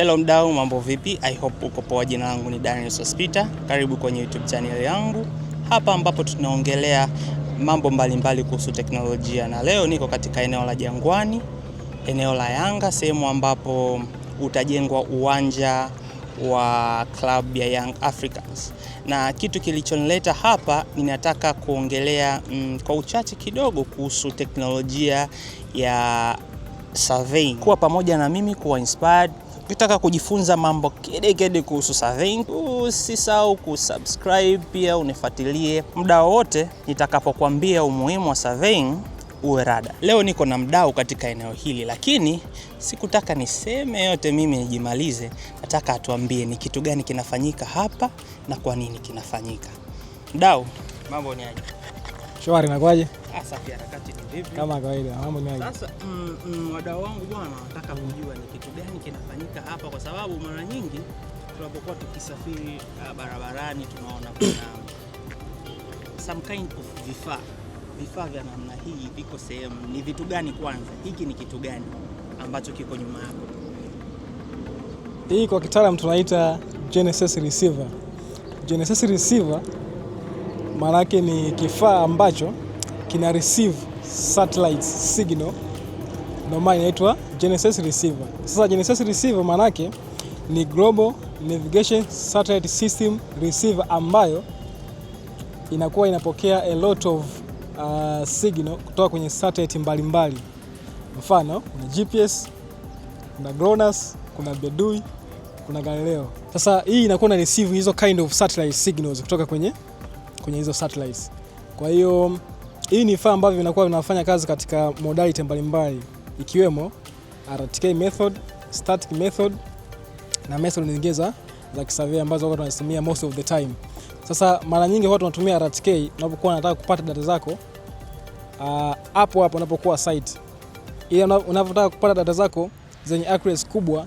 Hello mdau, mambo vipi? I hope uko poa. Jina langu ni Daniel Sospita, karibu kwenye YouTube channel yangu hapa ambapo tunaongelea mambo mbalimbali kuhusu teknolojia, na leo niko katika eneo la Jangwani, eneo la Yanga, sehemu ambapo utajengwa uwanja wa klabu ya Young Africans, na kitu kilichonileta hapa, ninataka kuongelea mm, kwa uchache kidogo kuhusu teknolojia ya surveying. Kuwa pamoja na mimi kuwa inspired Ukitaka kujifunza mambo kede kede kuhusu surveying, usisahau kusubscribe, pia unifuatilie muda wote nitakapokuambia umuhimu wa surveying uwe rada. Leo niko na mdau katika eneo hili, lakini sikutaka niseme yote mimi nijimalize. Nataka atuambie ni kitu gani kinafanyika hapa na kwa nini kinafanyika. Mdau, mambo ni aje? Shwari, nakwaje? Safi, harakati ni vipi? Kama kawaida, mambo ni sasa. Mm, mm wangu bwana, nataka kujua ni kitu gani kinafanyika hapa, kwa sababu mara nyingi tunapokuwa tukisafiri uh, barabarani tunaona kuna some kind of vifaa vifaa vya namna hii viko sehemu. Ni vitu gani kwanza, hiki ni kitu gani ambacho kiko nyuma yako? Hii kwa kitaalamu tunaita Genesis receiver. Genesis receiver maanake ni kifaa ambacho kina receive satellite signal, ndio maana inaitwa GNSS receiver. Sasa GNSS receiver maanake ni Global Navigation Satellite System receiver ambayo inakuwa inapokea a lot of uh, signal kutoka kwenye satellite mbalimbali mbali. Mfano kuna GPS, kuna GLONASS, kuna BeiDou, kuna Galileo. Sasa hii inakuwa na receive hizo kind of satellite signals kutoka kwenye kwenye hizo satellites. Kwa hiyo hii ni vifaa ambavyo vinakuwa vinafanya kazi katika modality mbalimbali ikiwemo RTK method, static method na method nyingine za za kisavia ambazo watu wanazitumia most of the time. Sasa mara nyingi watu wanatumia RTK unapokuwa unataka kupata data zako uh, hapo uh, hapo unapokuwa site, Ila unapotaka kupata data zako zenye accuracy kubwa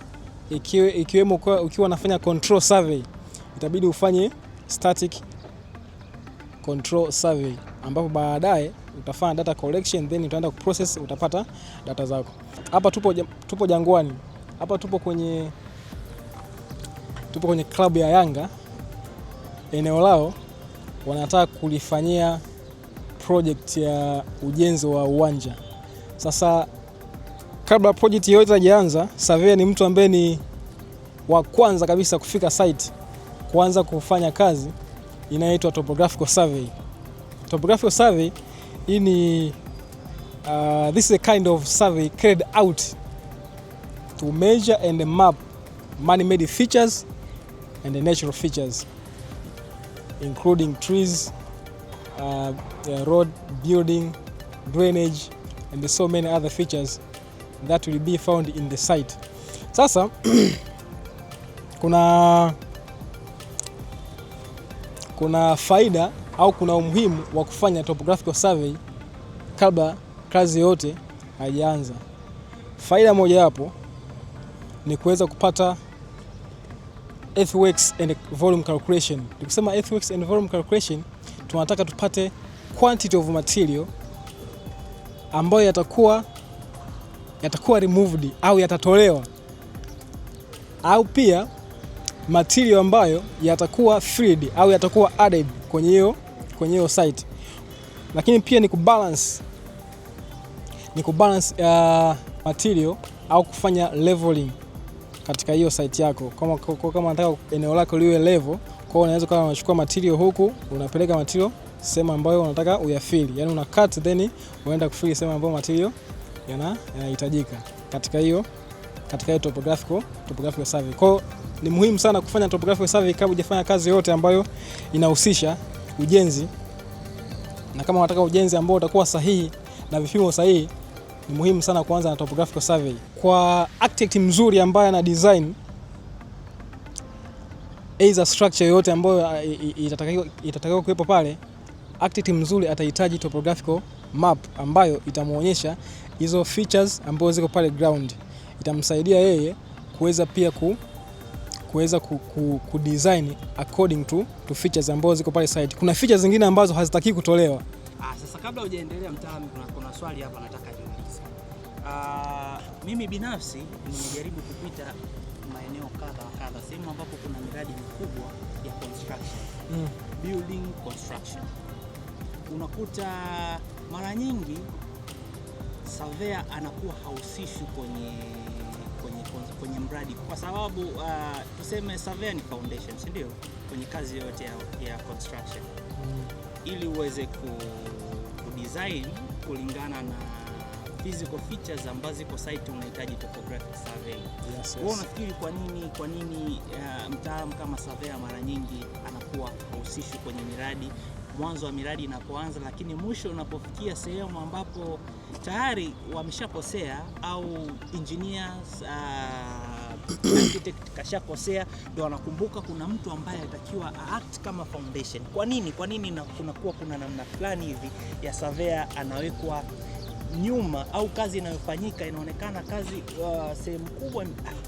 ikiwemo ukiwa unafanya control survey itabidi ufanye static control survey, ambapo baadaye utafanya data collection then utaenda kuprocess, utapata data zako. Hapa tupo, tupo Jangwani, hapa tupo kwenye tupo kwenye klabu ya Yanga, eneo lao wanataka kulifanyia project ya ujenzi wa uwanja. Sasa kabla project yoyote haijaanza, surveyor ni mtu ambaye ni wa kwanza kabisa kufika site, kuanza kufanya kazi inaitwa topographical survey. Topographical survey hii ni uh, this is a kind of survey carried out to measure and map man-made features and natural features including trees, uh, uh road, building, drainage and so many other features that will be found in the site. Sasa kuna kuna faida au kuna umuhimu wa kufanya topographical survey kabla kazi yoyote haijaanza. Faida moja yapo ni kuweza kupata earthworks and volume calculation. Tukisema earthworks and volume calculation, tunataka tupate quantity of material ambayo yatakuwa yatakuwa removed au yatatolewa au pia material ambayo yatakuwa 3D au yatakuwa added kwenye hiyo kwenye hiyo site, lakini pia ni kubalance ni kubalance uh, material au kufanya leveling katika hiyo site yako. Kama kama unataka eneo lako liwe level, kwa hiyo unaweza kama unachukua material huku unapeleka material sehemu ambayo unataka uyafili, yani una cut then unaenda kufili sehemu ambayo material yanahitajika yana katika hiyo katika hiyo topographical, topographical survey. Kwa ni muhimu sana kufanya topographical survey kabla hujafanya kazi yote ambayo inahusisha ujenzi, na kama unataka ujenzi ambao utakuwa sahihi na vipimo sahihi, ni muhimu sana kuanza na topographical survey. Kwa architect mzuri ambaye ana design aidha structure yoyote ambayo uh, itatakiwa itatakiwa kuwepo pale, architect mzuri atahitaji topographical map ambayo itamuonyesha hizo features ambazo ziko pale ground itamsaidia yeye kuweza pia ku kuweza ku, ku, ku design according to, to features ambazo ziko pale site. Kuna features zingine ambazo hazitaki kutolewa. Ah, sasa kabla hujaendelea mtaalamu, kuna, kuna swali hapa nataka niulize. Ah, mimi binafsi nimejaribu kupita maeneo kadha wa kadha, sehemu ambapo kuna miradi mikubwa ya construction. Mm. Building construction. Unakuta mara nyingi surveyor anakuwa hahusishi kwenye kwanza kwenye mradi, kwa sababu uh, tuseme surveyor ni foundation, si ndio? Kwenye kazi yote ya, ya construction mm. ili uweze ku, ku design kulingana na physical features ambazo ziko site, unahitaji topographic survey. Yes, yes. Unafikiri kwa nini kwa nini uh, mtaalamu kama surveyor mara nyingi anakuwa hahusishwi kwenye miradi mwanzo wa miradi inapoanza, lakini mwisho unapofikia sehemu ambapo tayari wameshakosea au engineers uh, architect kashakosea, ndo wanakumbuka kuna mtu ambaye atakiwa act kama foundation. Kwa nini? Kwa nini kunakuwa kuna namna fulani hivi ya surveyor anawekwa nyuma au kazi inayofanyika inaonekana kazi uh, sehemu kubwa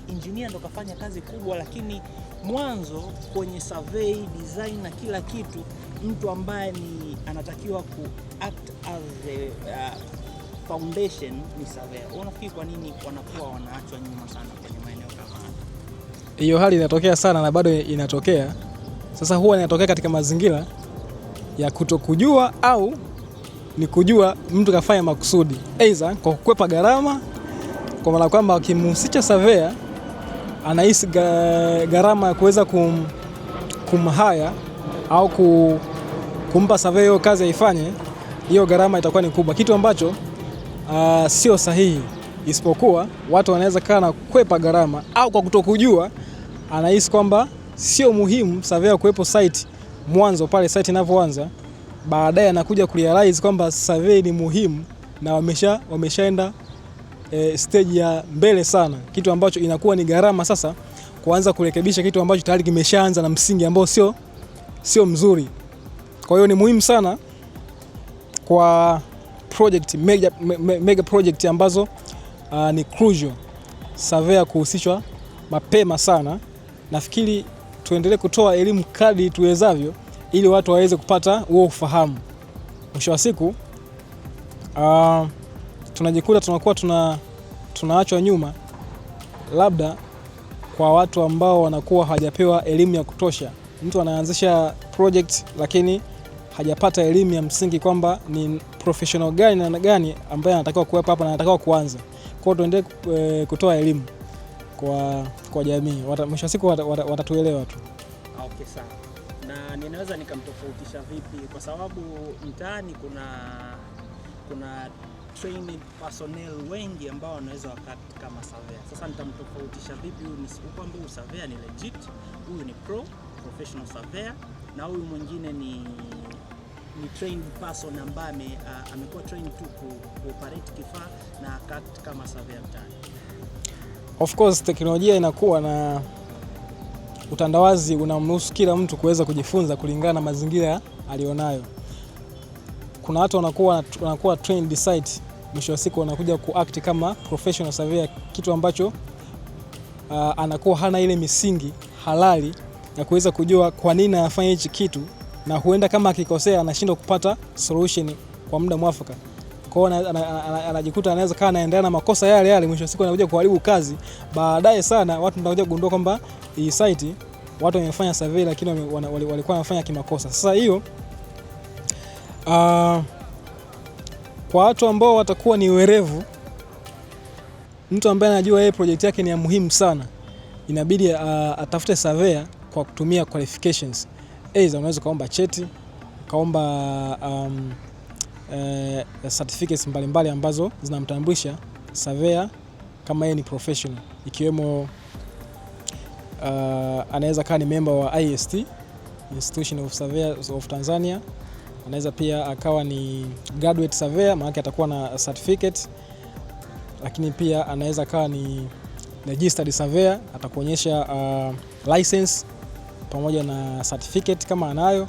engineer ndo kafanya kazi kubwa, lakini mwanzo kwenye survey design na kila kitu mtu ambaye ni anatakiwa ku act as a uh, foundation ni Saveo. Unafikiri kwa nini wanakuwa wanaachwa nyuma sana kwenye maeneo kama haya? Hiyo hali inatokea sana na bado inatokea sasa. Huwa inatokea katika mazingira ya kutokujua au ni kujua mtu kafanya makusudi, aidha kwa kukwepa gharama, kwa maana kwamba wakimhusisha Savea anahisi gharama ya kuweza kum, kumhaya au kumpa survey hiyo kazi aifanye, hiyo gharama itakuwa ni kubwa, kitu ambacho uh, sio sahihi, isipokuwa watu wanaweza kaa na kwepa gharama au kwa kutokujua anahisi kwamba sio muhimu survey ya kuwepo site mwanzo pale site inavyoanza, baadaye anakuja kurealize kwamba survey ni muhimu na wamesha wameshaenda e, stage ya mbele sana, kitu ambacho inakuwa ni gharama sasa kuanza kurekebisha kitu ambacho tayari kimeshaanza na msingi ambao sio sio mzuri. Kwa hiyo ni muhimu sana kwa project, mega, mega project ambazo uh, ni crucial surveyor kuhusishwa mapema sana. Nafikiri tuendelee kutoa elimu kadri tuwezavyo ili watu waweze kupata huo ufahamu. Mwisho wa siku uh, tunajikuta tunakuwa tuna tunaachwa nyuma labda kwa watu ambao wanakuwa hawajapewa elimu ya kutosha. Mtu anaanzisha project lakini hajapata elimu ya msingi kwamba ni professional gani na gani ambaye anatakiwa kuwepo hapa na anatakiwa kuanza. Kwa hiyo tuendelee e, kutoa elimu kwa, kwa jamii. Mwisho wa siku watatuelewa wata, wata tu. Okay, sawa. Na ninaweza nikamtofautisha vipi? Kwa sababu mtaani kuna kuna trained personnel wengi ambao wanaweza wakati kama surveyor. Sasa nitamtofautisha vipi huyu kwamba huyu surveyor ni legit, huyu ni pro professional surveyor na huyu mwingine ni ni trained person ambaye uh, amekuwa trained tu ku operate kifaa na act kama surveyor mtani. Of course teknolojia inakuwa na utandawazi unamruhusu kila mtu kuweza kujifunza kulingana na mazingira alionayo. Kuna watu wanakuwa wanakuwa trained site, mwisho wa siku wanakuja kuact kama professional surveyor, kitu ambacho uh, anakuwa hana ile misingi halali ya kuweza kujua kwa nini anafanya hichi kitu na huenda kama akikosea anashindwa kupata solution kwa muda mwafaka. Kwa hiyo anajikuta anaweza kaa anaendelea na makosa yale yale, mwisho wa siku anakuja kuharibu kazi baadaye sana. Watu ndio watakuja kugundua kwamba hii site watu wamefanya survey, lakini walikuwa wanafanya kimakosa. Sasa hiyo uh, kwa watu ambao watakuwa ni werevu, mtu ambaye anajua yeye project yake ni ya muhimu sana, inabidi uh, atafute surveyor kwa kutumia qualifications Aidha unaweza ukaomba cheti, ukaomba um, e, certificates mbalimbali ambazo zinamtambulisha surveyor kama yeye ni professional, ikiwemo uh, anaweza kaa ni member wa IST, Institution of Surveyors of Tanzania. Anaweza pia akawa ni graduate surveyor, maana atakuwa na certificate, lakini pia anaweza akawa ni registered surveyor, atakuonyesha uh, license pamoja na certificate kama anayo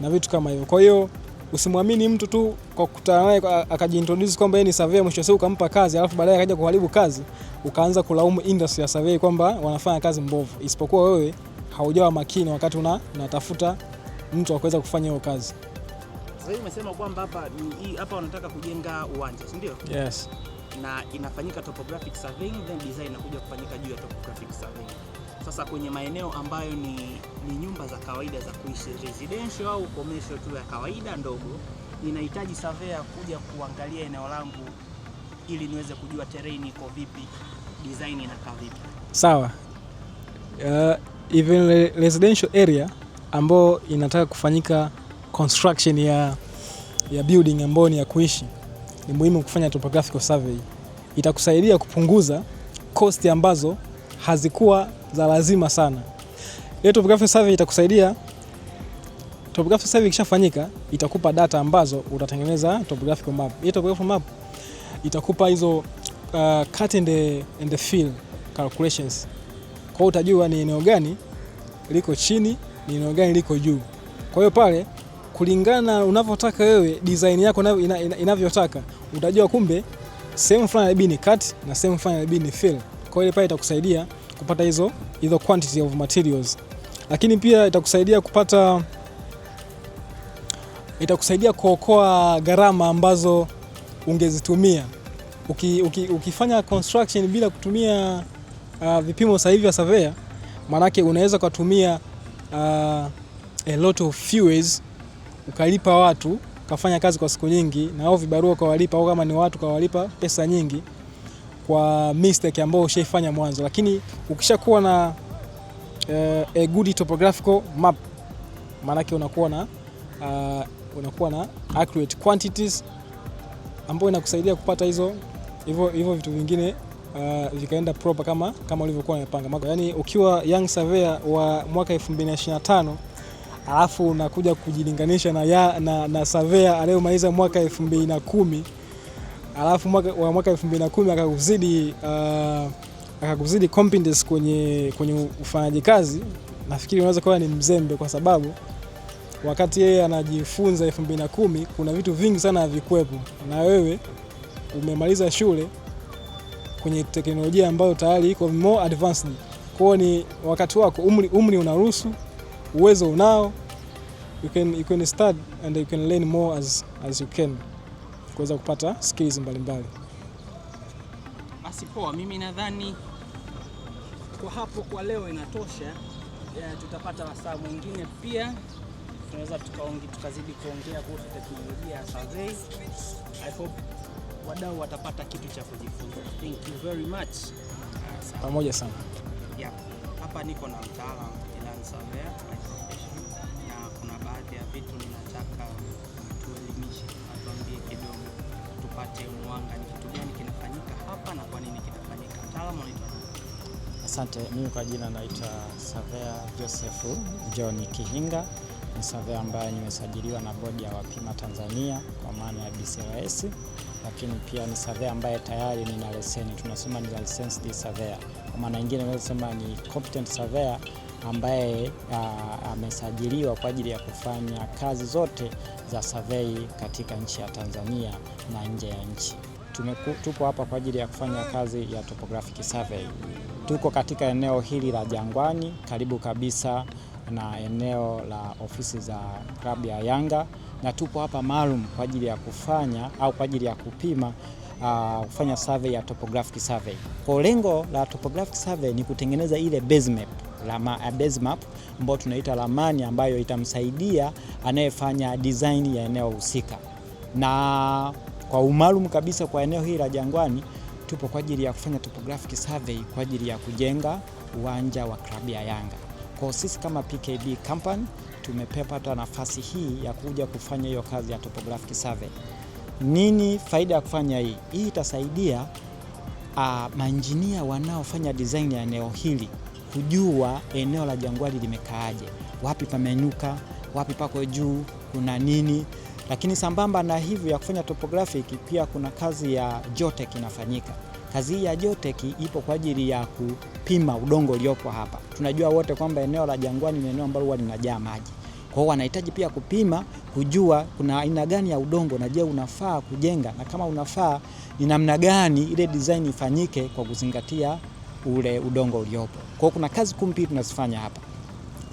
na vitu kama hivyo. Kwa hiyo usimwamini mtu tu kwa kukutana naye akajiintroduce kwamba yeye ni surveyor, mwisho siku ukampa kazi alafu baadaye akaja kuharibu kazi, ukaanza kulaumu industry ya survey kwamba wanafanya kazi mbovu, isipokuwa wewe haujawa makini wakati una, natafuta mtu wa kuweza kufanya hiyo kazi. Sasa hivi umesema kwamba hapa ni hii hapa wanataka kujenga uwanja, si ndio? Yes. Na inafanyika topographic surveying then design inakuja kufanyika juu ya topographic surveying. Sasa kwenye maeneo ambayo ni, ni nyumba za kawaida za kuishi residential au commercial tu ya kawaida ndogo, ninahitaji surveyor kuja kuangalia eneo langu ili niweze kujua terrain iko vipi, design inakaa vipi. Sawa. Uh, even residential area ambayo inataka kufanyika construction ya, ya building ambayo ni ya kuishi, ni muhimu kufanya topographical survey. Itakusaidia kupunguza cost ambazo hazikuwa za lazima sana. Ile topographic survey itakusaidia. Topographic survey ikishafanyika itakupa data ambazo utatengeneza topographic map. Ile topographic map itakupa hizo uh, cut and the, and the fill calculations. Kwa hiyo utajua ni eneo gani liko chini, ni eneo gani liko juu. Kwa hiyo pale kulingana unavyotaka wewe design yako inavyotaka, ina, ina, utajua kumbe sehemu fulani ni cut na sehemu fulani ni fill. Kwa hiyo ile pale itakusaidia kupata hizo hizo quantity of materials, lakini pia itakusaidia kupata itakusaidia kuokoa gharama ambazo ungezitumia uki, uki, ukifanya construction bila kutumia uh, vipimo sahihi vya surveyor, maanake unaweza ukatumia uh, a lot of fuels ukalipa watu kafanya kazi kwa siku nyingi, na au vibarua ukawalipa, au kama ni watu ukawalipa pesa nyingi kwa mistake ambayo ushaifanya mwanzo, lakini ukishakuwa na uh, a good topographical map, maanake unakuwa na uh, unakuwa na accurate quantities ambayo inakusaidia kupata hizo hivyo hivyo vitu vingine uh, vikaenda proper kama kama ulivyokuwa mako. Yani ukiwa young surveyor wa mwaka 2025 alafu unakuja kujilinganisha na, ya, na, na surveyor aliyomaliza mwaka 2010 alafu mwaka, wa mwaka 2010 akakuzidi uh, akakuzidi competence kwenye, kwenye ufanyaji kazi, nafikiri unaweza kuwa ni mzembe, kwa sababu wakati yeye anajifunza 2010 kuna vitu vingi sana havikuwepo, na wewe umemaliza shule kwenye teknolojia ambayo tayari iko more advanced. Kwa hiyo ni wakati wako, umri, umri unaruhusu, uwezo unao, you can, you can start and you can learn more as, as you can kuweza kupata skills mbalimbali. Basi poa, mimi nadhani kwa hapo kwa leo inatosha. Ya, tutapata wasaa mwingine pia tunaweza tukazidi kuongea kuhusu teknolojia ya survey. I hope wadau watapata kitu cha kujifunza. Thank you very much. Pamoja sana. Yeah. Hapa niko na mtaalamu Ilan Survey na kuna baadhi ya vitu ninataka tuelimishe, atuambie kidogo tupate mwanga, ni kitu gani kinafanyika hapa na kwa nini kinafanyika. Mtaalamu anaitwa Asante, mimi kwa jina naitwa Savea Joseph John Kihinga, ni savea ambaye nimesajiliwa na bodi ya wapima Tanzania kwa maana ya BCRS, lakini pia ni savea ambaye tayari nina leseni, tunasema ni licensed surveyor. Kwa maana nyingine naweza sema ni competent surveyor ambaye ah, amesajiliwa kwa ajili ya kufanya kazi zote za survey katika nchi ya Tanzania na nje ya nchi. Tumeku, tupo hapa kwa ajili ya kufanya kazi ya topographic survey. Tuko katika eneo hili la Jangwani karibu kabisa na eneo la ofisi za klabu ya Yanga na tupo hapa maalum kwa ajili ya kufanya au kwa ajili ya kupima uh, kufanya survey ya topographic survey. Kwa lengo la topographic survey ni kutengeneza ile base map la uh, base map ambayo tunaita ramani ambayo itamsaidia anayefanya design ya eneo husika. Na kwa umaalum kabisa kwa eneo hili la Jangwani tupo kwa ajili ya kufanya topographic survey kwa ajili ya kujenga uwanja wa klabu ya Yanga. Kwa sisi kama PKB Company tumepata nafasi hii ya kuja kufanya hiyo kazi ya topographic survey. Nini faida ya kufanya hii? Hii itasaidia uh, ah, mainjinia wanaofanya design ya eneo hili kujua eneo la jangwali limekaaje, wapi pamenuka, wapi pako juu, kuna nini. Lakini sambamba na hivyo ya kufanya topographic, pia kuna kazi ya jotek inafanyika. Kazi hii ya jotek ipo kwa ajili ya kupima udongo uliopo hapa. Tunajua wote kwamba eneo la Jangwani ni eneo ambalo huwa linajaa maji. Kwa wanahitaji pia kupima, kujua kuna aina gani ya udongo na je, unafaa kujenga, na kama unafaa ni namna gani ile design ifanyike kwa kuzingatia ule udongo uliopo. Kwa kuna kazi kumpi tunazifanya hapa,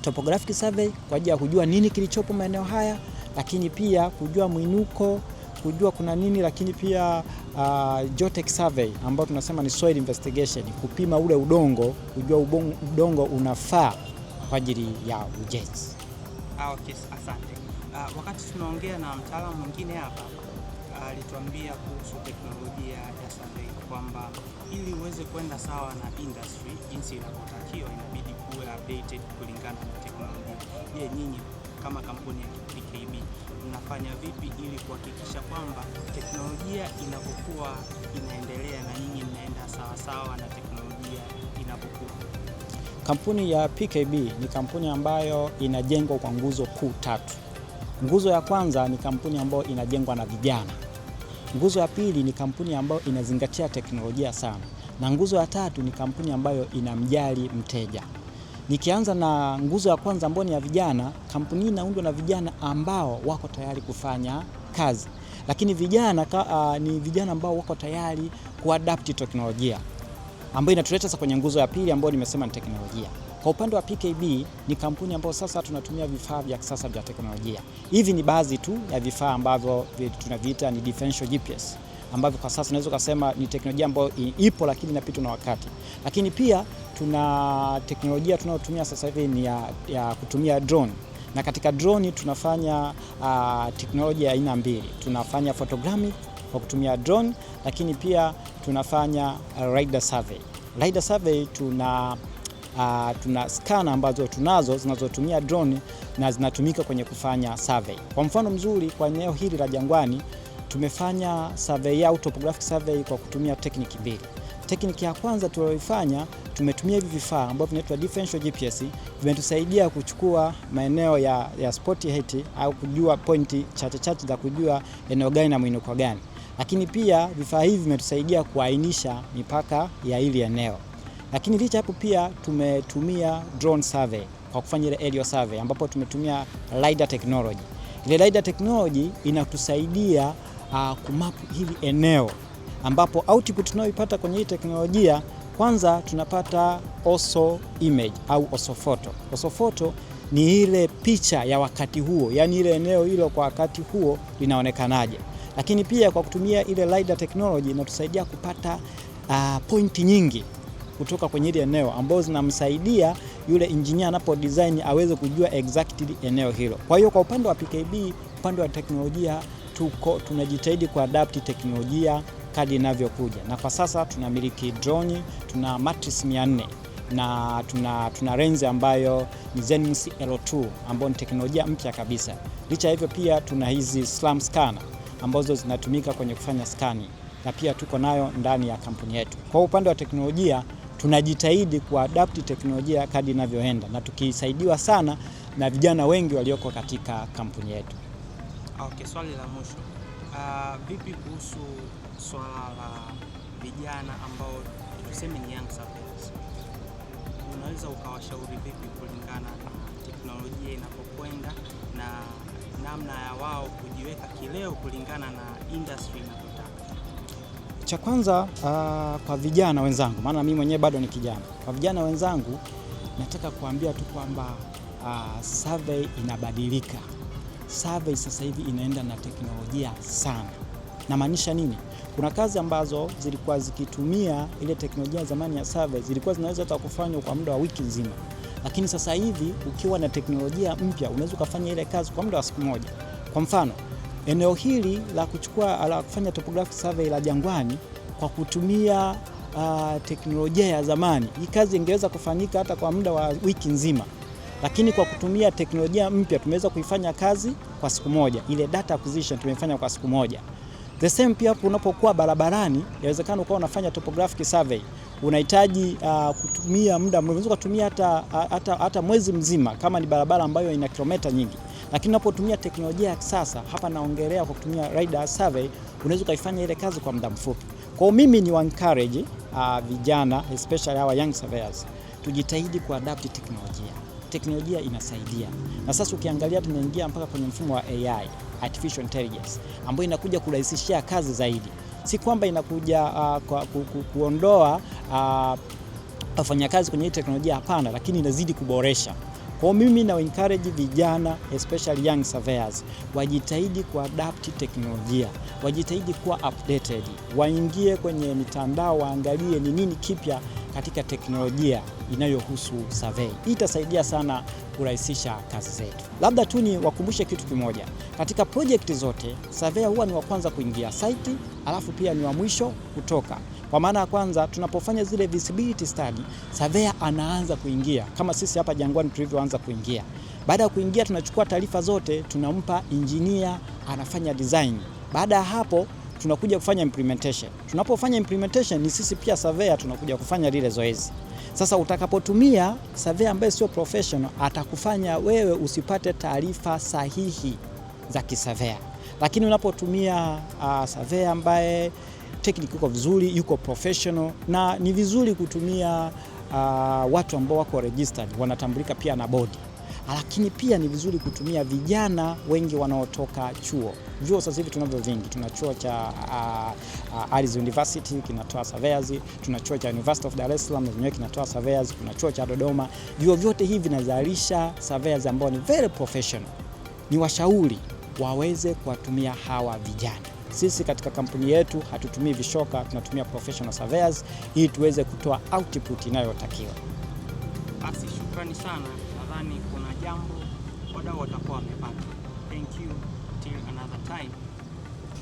topographic survey kwa ajili ya kujua nini kilichopo maeneo haya, lakini pia kujua mwinuko kujua kuna nini, lakini pia uh, geotech survey ambayo tunasema ni soil investigation, kupima ule udongo, kujua udongo unafaa kwa ajili ya ujenzi. Kes, asante. Uh, wakati tunaongea na mtaalamu mwingine hapa ah, alituambia uh, kuhusu teknolojia ya survey kwamba ili uweze kwenda sawa na industry jinsi inavyotakiwa inabidi kuwe updated kulingana na teknolojia. Je, nyinyi kama kampuni ya PKB mnafanya vipi ili kuhakikisha kwamba teknolojia inapokuwa inaendelea na nyinyi mnaenda sawasawa na teknolojia inapokuwa Kampuni ya PKB ni kampuni ambayo inajengwa kwa nguzo kuu tatu. Nguzo ya kwanza ni kampuni ambayo inajengwa na vijana. Nguzo ya pili ni kampuni ambayo inazingatia teknolojia sana, na nguzo ya tatu ni kampuni ambayo inamjali mteja. Nikianza na nguzo ya kwanza ambayo ni ya vijana, kampuni hii inaundwa na vijana ambao wako tayari kufanya kazi, lakini vijana uh, ni vijana ambao wako tayari kuadapti teknolojia ambayo inatuleta sasa kwenye nguzo ya pili ambayo nimesema ni teknolojia. Kwa upande wa PKB ni kampuni ambayo sasa tunatumia vifaa vya kisasa vya teknolojia. Hivi ni baadhi tu ya vifaa ambavyo tunaviita ni differential GPS ambavyo kwa sasa unaweza kusema ni teknolojia ambayo ipo lakini inapitwa na wakati. Lakini pia tuna teknolojia tunayotumia sasa hivi ni ya, ya kutumia drone na katika drone tunafanya uh, teknolojia ya aina mbili. Tunafanya photogrammic kwa kutumia drone, lakini pia tunafanya uh, rider survey. Rider survey tuna Uh, tuna skana ambazo tunazo zinazotumia drone na zinatumika kwenye kufanya survey. Kwa mfano mzuri kwa eneo hili la Jangwani tumefanya survey au topographic survey kwa kutumia tekniki mbili. Tekniki ya kwanza tuliyoifanya tumetumia hivi vifaa ambavyo vinaitwa differential GPS, vimetusaidia kuchukua maeneo ya, ya spot height au kujua pointi chache chache za kujua eneo gani na mwinuko gani. Lakini pia vifaa hivi vimetusaidia kuainisha mipaka ya hili eneo. Lakini licha hapo pia tumetumia drone survey kwa kufanya ile aerial survey ambapo tumetumia lidar technology. Ile lidar technology inatusaidia uh, kumap hili eneo ambapo output tunayoipata kwenye hii teknolojia kwanza tunapata oso image au oso photo. Oso photo ni ile picha ya wakati huo, yaani ile eneo hilo kwa wakati huo linaonekanaje lakini pia kwa kutumia ile LiDAR technology inatusaidia kupata uh, pointi nyingi kutoka kwenye ile eneo ambazo zinamsaidia yule engineer anapo design aweze kujua exactly eneo hilo. Kwa hiyo kwa upande wa PKB, upande wa teknolojia tuko tunajitahidi kuadapt teknolojia kadi inavyokuja, na kwa sasa tunamiliki drone, tuna Matrix 400 na tuna, tuna lenzi ambayo ni Zenmuse L2 ambayo ni teknolojia mpya kabisa. Licha hivyo pia tuna hizi slam scanner ambazo zinatumika kwenye kufanya skani na pia tuko nayo ndani ya kampuni yetu. Kwa upande wa teknolojia, tunajitahidi kuadapti teknolojia kadi inavyoenda na tukisaidiwa sana na vijana wengi walioko katika kampuni yetu. Okay, swali la mwisho. Uh, vipi kuhusu swala la vijana ambao tuseme ni young suppliers? Unaweza ukawashauri vipi kulingana na teknolojia inapokwenda na namna ya wao kujiweka kileo kulingana na industry inavyotaka. Cha kwanza uh, kwa vijana wenzangu, maana mimi mwenyewe bado ni kijana. Kwa vijana wenzangu, nataka kuambia tu kwamba uh, survey inabadilika. Survey sasa hivi inaenda na teknolojia sana. Namaanisha nini? Kuna kazi ambazo zilikuwa zikitumia ile teknolojia zamani ya survey zilikuwa zinaweza hata kufanywa kwa muda wa wiki nzima. Lakini sasa hivi ukiwa na teknolojia mpya unaweza ukafanya ile kazi kwa muda wa siku moja. Kwa mfano, eneo hili la kuchukua la kufanya topographic survey la Jangwani kwa kutumia uh, teknolojia ya zamani, hii kazi ingeweza kufanyika hata kwa muda wa wiki nzima, lakini kwa kutumia teknolojia mpya tumeweza kuifanya kazi kwa siku moja. Ile data acquisition tumeifanya kwa siku moja. The same pia, unapokuwa barabarani, inawezekana ukawa unafanya topographic survey unahitaji uh, kutumia muda mrefu, unaweza kutumia hata, hata, hata mwezi mzima kama ni barabara ambayo ina kilomita nyingi, lakini unapotumia teknolojia ya kisasa hapa naongelea kwa kutumia radar survey, unaweza ukaifanya ile kazi kwa muda mfupi. Kwa mimi ni encourage uh, vijana especially our young surveyors tujitahidi kuadapt teknolojia. Teknolojia inasaidia, na sasa ukiangalia tunaingia mpaka kwenye mfumo wa AI, artificial intelligence, ambayo inakuja kurahisishia kazi zaidi si kwamba inakuja uh, kwa, ku, ku, kuondoa ah, wafanyakazi uh, kwenye hii teknolojia hapana, lakini inazidi kuboresha. Kwa mimi na encourage vijana especially young surveyors wajitahidi kuadapti teknolojia, wajitahidi kuwa updated, waingie kwenye mitandao, waangalie ni nini kipya katika teknolojia inayohusu survey. Hii itasaidia sana kurahisisha kazi zetu. Labda tu ni wakumbushe kitu kimoja, katika projekti zote surveyor huwa ni wa kwanza kuingia site, alafu pia ni wa mwisho kutoka. Kwa maana ya kwanza, tunapofanya zile visibility study, surveyor anaanza kuingia kama sisi hapa Jangwani tulivyoanza kuingia. Baada ya kuingia, tunachukua taarifa zote, tunampa engineer, anafanya design. Baada ya hapo tunakuja kufanya implementation. Tunapofanya implementation, ni sisi pia surveyor tunakuja kufanya lile zoezi. Sasa utakapotumia surveyor ambaye sio professional, atakufanya wewe usipate taarifa sahihi za kisurveyor, lakini unapotumia uh, surveyor ambaye technique yuko vizuri, yuko professional, na ni vizuri kutumia uh, watu ambao wako registered, wanatambulika pia na bodi lakini pia ni vizuri kutumia vijana wengi wanaotoka chuo. Vyuo sasa hivi tunavyo vingi, tuna chuo cha uh, uh, Aris University kinatoa surveyors, tuna chuo cha University of Dar es Salaam kinatoa surveyors, kuna chuo cha Dodoma. Vyuo vyote hivi vinazalisha surveyors ambao ni very professional. Ni washauri waweze kuwatumia hawa vijana. Sisi katika kampuni yetu hatutumii vishoka, tunatumia professional surveyors ili tuweze kutoa output inayotakiwa. Basi shukrani sana, nadhani wadau watakuwa wamepata. Thank you till another time.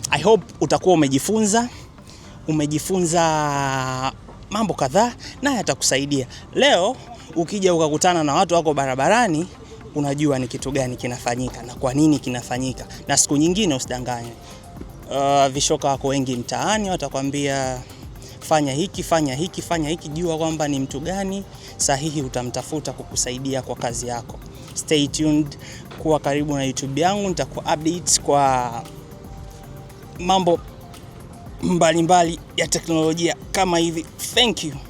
I hope utakuwa umejifunza umejifunza mambo kadhaa naye atakusaidia. Leo ukija ukakutana na watu wako barabarani, unajua ni kitu gani kinafanyika na kwa nini kinafanyika, na siku nyingine usidanganywe. Uh, vishoka wako wengi mtaani watakwambia fanya hiki, fanya hiki, fanya hiki. Jua kwamba ni mtu gani sahihi utamtafuta kukusaidia kwa kazi yako. Stay tuned, kuwa karibu na YouTube yangu, nitakuwa updates kwa mambo mbalimbali mbali ya teknolojia kama hivi. Thank you.